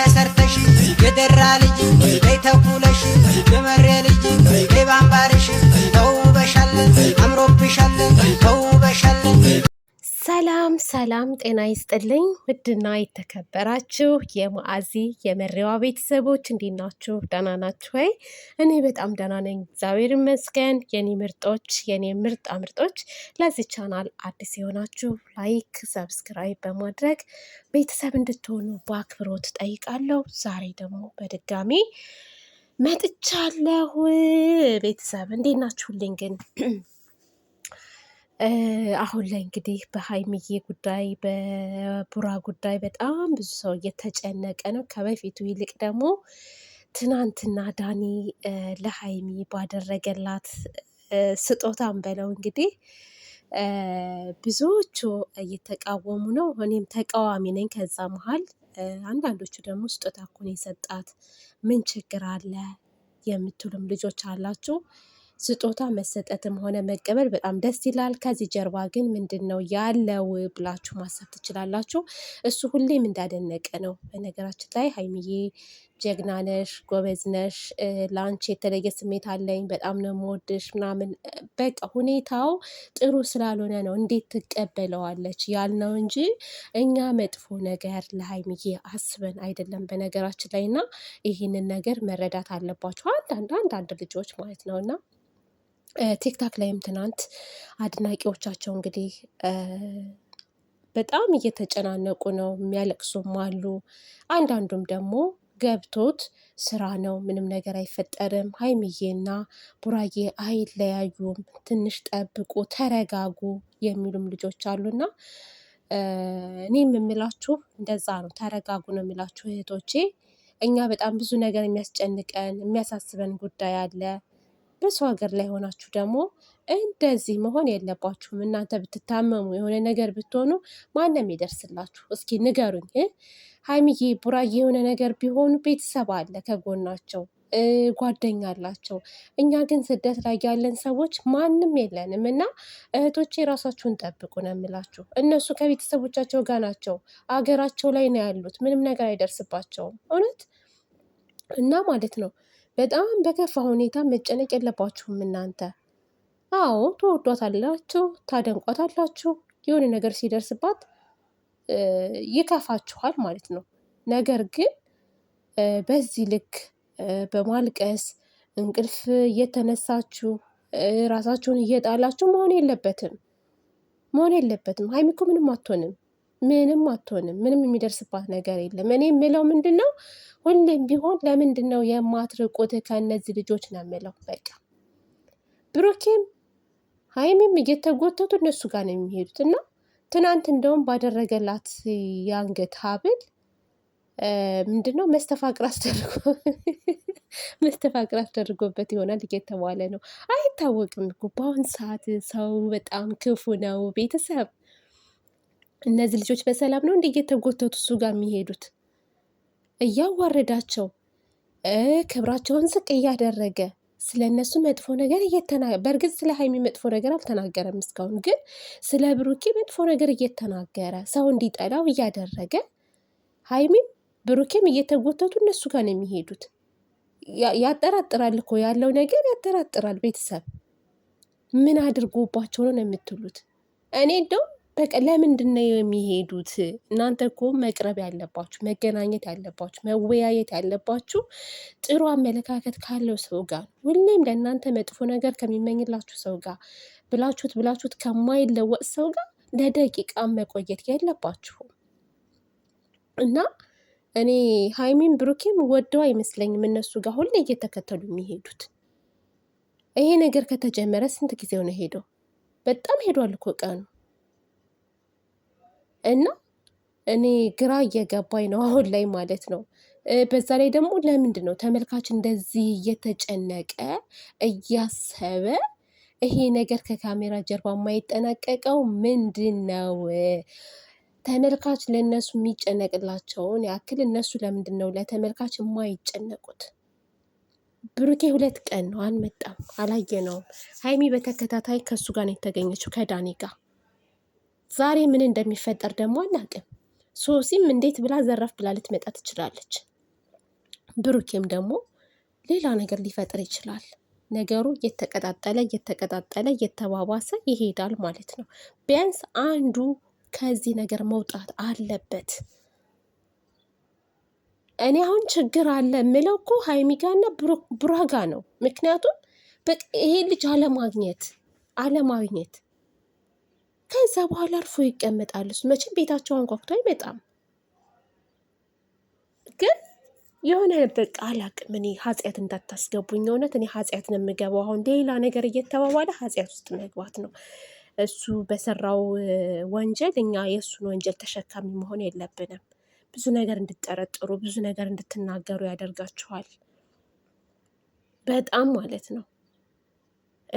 ተሰርተሽ የደራ ልጅ በይ የመሬ ልጅ በይ ሰላም ሰላም፣ ጤና ይስጥልኝ ውድና የተከበራችሁ የማዓዚ የመሪዋ ቤተሰቦች እንዴት ናችሁ? ደህና ናችሁ ወይ? እኔ በጣም ደህና ነኝ፣ እግዚአብሔር ይመስገን። የኔ ምርጦች፣ የኔ ምርጥ ምርጦች፣ ለዚህ ቻናል አዲስ የሆናችሁ ላይክ፣ ሰብስክራይብ በማድረግ ቤተሰብ እንድትሆኑ በአክብሮት ጠይቃለሁ። ዛሬ ደግሞ በድጋሚ መጥቻለሁ። ቤተሰብ እንዴት ናችሁልኝ ግን አሁን ላይ እንግዲህ በሀይሚዬ ጉዳይ በቡራ ጉዳይ በጣም ብዙ ሰው እየተጨነቀ ነው። ከበፊቱ ይልቅ ደግሞ ትናንትና ዳኒ ለሀይሚ ባደረገላት ስጦታን በለው እንግዲህ ብዙዎቹ እየተቃወሙ ነው። እኔም ተቃዋሚ ነኝ። ከዛ መሀል አንዳንዶቹ ደግሞ ስጦታ እኮ ነው የሰጣት ምን ችግር አለ የምትሉም ልጆች አላችሁ። ስጦታ መሰጠትም ሆነ መቀበል በጣም ደስ ይላል። ከዚህ ጀርባ ግን ምንድን ነው ያለው ብላችሁ ማሰብ ትችላላችሁ። እሱ ሁሌም እንዳደነቀ ነው። በነገራችን ላይ ሀይሚዬ ጀግና ነሽ፣ ጎበዝ ነሽ፣ ለአንቺ የተለየ ስሜት አለኝ፣ በጣም ነው የምወድሽ ምናምን። በቃ ሁኔታው ጥሩ ስላልሆነ ነው እንዴት ትቀበለዋለች ያልነው እንጂ እኛ መጥፎ ነገር ለሀይሚዬ አስበን አይደለም። በነገራችን ላይ እና ይህንን ነገር መረዳት አለባቸው አንዳንድ አንዳንድ ልጆች ማለት ነው እና ቲክታክ ላይም ትናንት አድናቂዎቻቸው እንግዲህ በጣም እየተጨናነቁ ነው፣ የሚያለቅሱም አሉ። አንዳንዱም ደግሞ ገብቶት ስራ ነው፣ ምንም ነገር አይፈጠርም፣ ሀይሚዬና ቡራዬ አይለያዩም፣ ትንሽ ጠብቁ፣ ተረጋጉ የሚሉም ልጆች አሉና እኔ የምላችሁ እንደዛ ነው፣ ተረጋጉ ነው የሚላችሁ እህቶቼ። እኛ በጣም ብዙ ነገር የሚያስጨንቀን የሚያሳስበን ጉዳይ አለ። በሰው ሀገር ላይ ሆናችሁ ደግሞ እንደዚህ መሆን የለባችሁም። እናንተ ብትታመሙ የሆነ ነገር ብትሆኑ ማንም ይደርስላችሁ። እስኪ ንገሩኝ። ሀይሚዬ፣ ቡራዬ የሆነ ነገር ቢሆኑ ቤተሰብ አለ ከጎናቸው ጓደኛ አላቸው። እኛ ግን ስደት ላይ ያለን ሰዎች ማንም የለንም እና እህቶቼ ራሳችሁን ጠብቁ ነው የምላችሁ። እነሱ ከቤተሰቦቻቸው ጋር ናቸው፣ አገራቸው ላይ ነው ያሉት። ምንም ነገር አይደርስባቸውም። እውነት እና ማለት ነው በጣም በከፋ ሁኔታ መጨነቅ የለባችሁም እናንተ። አዎ ትወዷታላችሁ፣ ታደንቋታላችሁ። የሆነ ነገር ሲደርስባት ይከፋችኋል ማለት ነው። ነገር ግን በዚህ ልክ በማልቀስ እንቅልፍ እየተነሳችሁ ራሳችሁን እየጣላችሁ መሆን የለበትም መሆን የለበትም። ሀይሚ እኮ ምንም አትሆንም። ምንም አትሆንም። ምንም የሚደርስባት ነገር የለም። እኔ የምለው ምንድን ነው ሁሌም ቢሆን ለምንድን ነው የማትርቁት ከእነዚህ ልጆች ነው የምለው። በቃ ብሩኬም ሀይሚም እየተጎተቱ እነሱ ጋር ነው የሚሄዱት እና ትናንት እንደውም ባደረገላት የአንገት ሀብል ምንድን ነው መስተፋቅር አስደርጎ መስተፋቅር አስደርጎበት ይሆናል እየተባለ ነው። አይታወቅም እኮ በአሁን ሰዓት ሰው በጣም ክፉ ነው ቤተሰብ እነዚህ ልጆች በሰላም ነው እንዴ እየተጎተቱ እሱ ጋር የሚሄዱት? እያዋረዳቸው ክብራቸውን ዝቅ እያደረገ ስለ እነሱ መጥፎ ነገር እየተናገረ በእርግጥ ስለ ሀይሚ መጥፎ ነገር አልተናገረም እስካሁን፣ ግን ስለ ብሩኬ መጥፎ ነገር እየተናገረ ሰው እንዲጠላው እያደረገ ሀይሚም ብሩኬም እየተጎተቱ እነሱ ጋር ነው የሚሄዱት። ያጠራጥራል እኮ ያለው ነገር ያጠራጥራል። ቤተሰብ ምን አድርጎባቸው ነው የምትሉት? እኔ እንደውም በቃ ለምንድን ነው የሚሄዱት? እናንተ እኮ መቅረብ ያለባችሁ መገናኘት ያለባችሁ መወያየት ያለባችሁ ጥሩ አመለካከት ካለው ሰው ጋር ሁሌም ለእናንተ መጥፎ ነገር ከሚመኝላችሁ ሰው ጋር ብላችሁት ብላችሁት ከማይለወጥ ሰው ጋር ለደቂቃ መቆየት የለባችሁም እና እኔ ሀይሚን ብሩኬም ወደው አይመስለኝም እነሱ ጋር ሁሌ እየተከተሉ የሚሄዱት። ይሄ ነገር ከተጀመረ ስንት ጊዜው ነው ሄደው? በጣም ሄዷል እኮ ቀኑ። እና እኔ ግራ እየገባኝ ነው አሁን ላይ ማለት ነው። በዛ ላይ ደግሞ ለምንድን ነው ተመልካች እንደዚህ እየተጨነቀ እያሰበ ይሄ ነገር ከካሜራ ጀርባ የማይጠናቀቀው ምንድን ነው? ተመልካች ለእነሱ የሚጨነቅላቸውን ያክል እነሱ ለምንድን ነው ለተመልካች የማይጨነቁት? ብሩኬ ሁለት ቀን ነው አልመጣም፣ አላየነውም። ሀይሚ በተከታታይ ከእሱ ጋር ነው የተገኘችው ከዳኒ ጋር ዛሬ ምን እንደሚፈጠር ደግሞ አናቅም። ሶሲም እንዴት ብላ ዘረፍ ብላ ልትመጣ ትችላለች። ብሩኬም ደግሞ ሌላ ነገር ሊፈጥር ይችላል። ነገሩ እየተቀጣጠለ እየተቀጣጠለ እየተባባሰ ይሄዳል ማለት ነው። ቢያንስ አንዱ ከዚህ ነገር መውጣት አለበት። እኔ አሁን ችግር አለ የምለው እኮ ሀይሚጋና ቡራጋ ነው። ምክንያቱም ይሄ ልጅ አለማግኘት አለማግኘት ከዛ በኋላ አርፎ ይቀመጣል። እሱ መቼም ቤታቸው አንኳኩቶ አይመጣም። ግን የሆነ በቃ አላቅም። እኔ ኃጢአት እንዳታስገቡኝ። እውነት እኔ ኃጢአት ነው የምገባው። አሁን ሌላ ነገር እየተባባለ ኃጢአት ውስጥ መግባት ነው። እሱ በሰራው ወንጀል እኛ የእሱን ወንጀል ተሸካሚ መሆን የለብንም። ብዙ ነገር እንድጠረጥሩ ብዙ ነገር እንድትናገሩ ያደርጋችኋል። በጣም ማለት ነው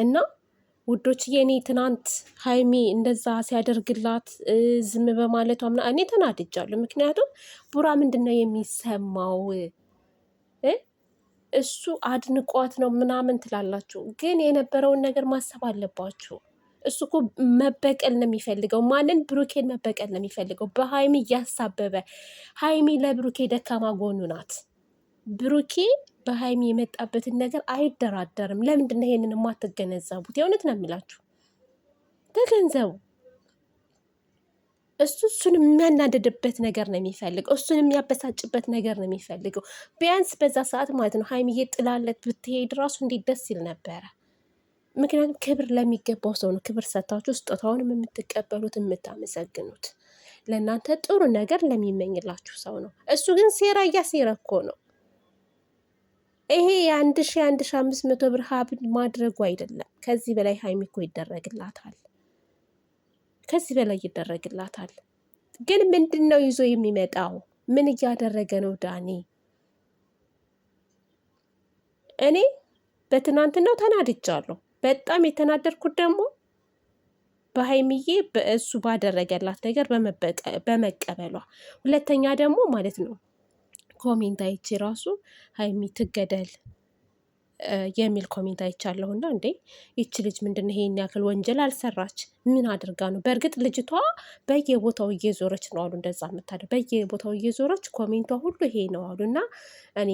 እና ውዶች የኔ ትናንት ሀይሚ እንደዛ ሲያደርግላት ዝም በማለቷ ምና እኔ ተናድጃለሁ። ምክንያቱም ቡራ ምንድን ነው የሚሰማው? እሱ አድንቋት ነው ምናምን ትላላችሁ፣ ግን የነበረውን ነገር ማሰብ አለባችሁ። እሱ እኮ መበቀል ነው የሚፈልገው። ማንን? ብሩኬን መበቀል ነው የሚፈልገው። በሀይሚ እያሳበበ ሀይሚ ለብሩኬ ደካማ ጎኑ ናት። ብሩኬ በሀይሚ የመጣበትን ነገር አይደራደርም። ለምንድን ነው ይሄንን የማትገነዘቡት? የእውነት ነው የሚላችሁ ተገንዘቡ። እሱ እሱን የሚያናደድበት ነገር ነው የሚፈልገው። እሱን የሚያበሳጭበት ነገር ነው የሚፈልገው። ቢያንስ በዛ ሰዓት ማለት ነው ሀይሚዬ ጥላለት ብትሄድ ራሱ እንዴት ደስ ይል ነበረ። ምክንያቱም ክብር ለሚገባው ሰው ነው ክብር ሰታችሁ ስጦታውንም የምትቀበሉት የምታመሰግኑት። ለእናንተ ጥሩ ነገር ለሚመኝላችሁ ሰው ነው። እሱ ግን ሴራ እያሴረ እኮ ነው። ይሄ የአንድ ሺ አንድ ሺ አምስት መቶ ብር ሀብል ማድረጉ አይደለም። ከዚህ በላይ ሀይሚ እኮ ይደረግላታል፣ ከዚህ በላይ ይደረግላታል። ግን ምንድን ነው ይዞ የሚመጣው? ምን እያደረገ ነው ዳኒ? እኔ በትናንትናው ተናድጃለሁ። በጣም የተናደርኩት ደግሞ በሀይሚዬ በእሱ ባደረገላት ነገር በመቀበሏ፣ ሁለተኛ ደግሞ ማለት ነው ኮሜንት አይቼ ራሱ ሀይሚ ትገደል የሚል ኮሜንት አይቻለሁ። እና እንዴ ይቺ ልጅ ምንድነው ይሄን ያክል ወንጀል አልሰራች፣ ምን አድርጋ ነው? በእርግጥ ልጅቷ በየቦታው እየዞረች ነው አሉ፣ እንደዛ የምታደ በየቦታው እየዞረች ኮሜንቷ ሁሉ ይሄ ነው አሉ። እና እኔ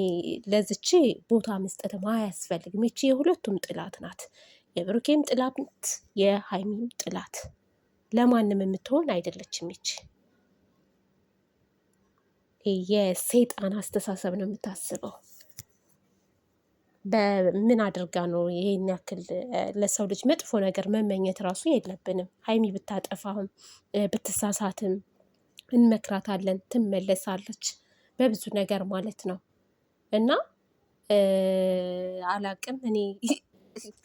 ለዝቼ ቦታ መስጠትም አያስፈልግም። ይቺ የሁለቱም ጥላት ናት፣ የብሩኬም ጥላት፣ የሀይሚም ጥላት። ለማንም የምትሆን አይደለችም ይቺ የሰይጣን አስተሳሰብ ነው የምታስበው። በምን አድርጋ ነው ይህን ያክል ለሰው ልጅ መጥፎ ነገር መመኘት ራሱ የለብንም። ሀይሚ ብታጠፋም ብትሳሳትም እንመክራታለን፣ ትመለሳለች በብዙ ነገር ማለት ነው። እና አላቅም እኔ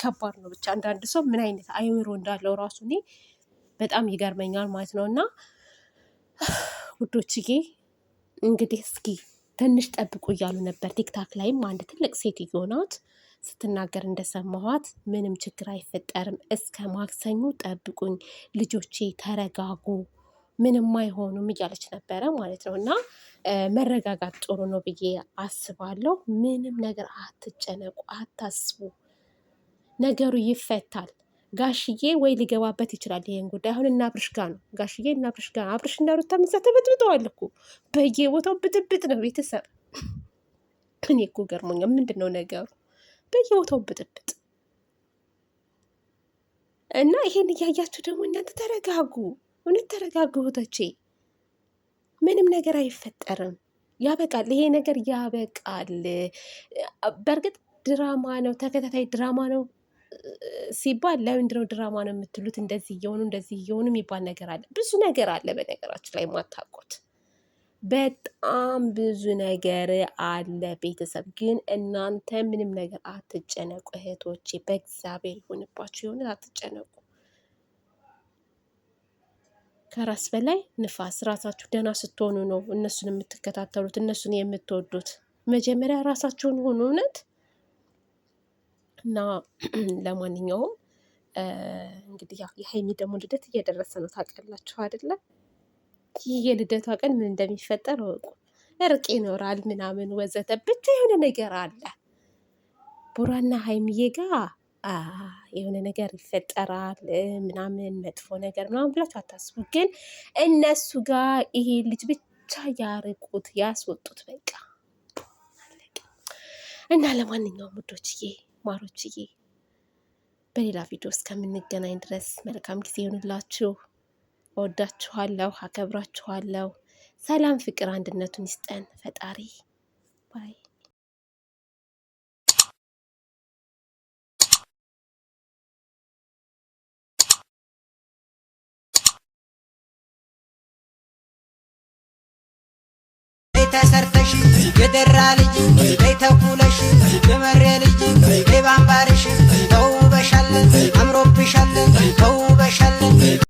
ከባድ ነው ብቻ አንዳንድ ሰው ምን አይነት አይምሮ እንዳለው ራሱ እኔ በጣም ይገርመኛል ማለት ነው እና ውዶችዬ እንግዲህ እስኪ ትንሽ ጠብቁ እያሉ ነበር። ቲክታክ ላይም አንድ ትልቅ ሴትዮ ናት ስትናገር እንደሰማኋት ምንም ችግር አይፈጠርም፣ እስከ ማክሰኙ ጠብቁኝ፣ ልጆቼ ተረጋጉ፣ ምንም አይሆኑም እያለች ነበረ ማለት ነው። እና መረጋጋት ጥሩ ነው ብዬ አስባለሁ። ምንም ነገር አትጨነቁ፣ አታስቡ፣ ነገሩ ይፈታል። ጋሽዬ ወይ ሊገባበት ይችላል ይሄን ጉዳይ አሁን እና አብርሽ ጋ ነው። ጋሽዬ እና አብርሽ ጋ አብርሽ እና ሩታ ምዛ ተበጥብጠዋል እኮ በየቦታው ብጥብጥ ነው ቤተሰብ። እኔ እኮ ገርሞኛ ምንድን ነው ነገሩ? በየቦታው ብጥብጥ እና ይሄን እያያችሁ ደግሞ እናንተ ተረጋጉ፣ እውነት ተረጋጉ እህቶቼ። ምንም ነገር አይፈጠርም። ያበቃል፣ ይሄ ነገር ያበቃል። በእርግጥ ድራማ ነው፣ ተከታታይ ድራማ ነው። ሲባል ለምንድነው ድራማ ነው የምትሉት? እንደዚህ እየሆኑ እንደዚህ እየሆኑ የሚባል ነገር አለ። ብዙ ነገር አለ በነገራችን ላይ የማታውቁት በጣም ብዙ ነገር አለ። ቤተሰብ ግን እናንተ ምንም ነገር አትጨነቁ እህቶቼ፣ በእግዚአብሔር ይሆንባችሁ የሆነ አትጨነቁ። ከራስ በላይ ንፋስ። ራሳችሁ ደህና ስትሆኑ ነው እነሱን የምትከታተሉት፣ እነሱን የምትወዱት። መጀመሪያ ራሳችሁን ሆኑ እውነት እና ለማንኛውም እንግዲህ ያው የሀይሚ ደግሞ ልደት እየደረሰ ነው። ታውቃላችሁ አይደለ? ይህ የልደቷ ቀን ምን እንደሚፈጠር እወቁ። እርቅ ይኖራል ምናምን ወዘተ፣ ብቻ የሆነ ነገር አለ። ቡራና ሀይሚዬ ጋ የሆነ ነገር ይፈጠራል ምናምን መጥፎ ነገር ምናምን ብላችሁ አታስቡ። ግን እነሱ ጋር ይሄ ልጅ ብቻ ያርቁት፣ ያስወጡት በቃ እና ለማንኛውም ውዶችዬ ማሮችዬ። በሌላ ቪዲዮ እስከምንገናኝ ድረስ መልካም ጊዜ ይሆንላችሁ። እወዳችኋለሁ፣ አከብራችኋለሁ። ሰላም፣ ፍቅር፣ አንድነቱን ይስጠን ፈጣሪ ባይ ተሰርተሽ የደራ ልጅ አምሮብሻል ተውበሻል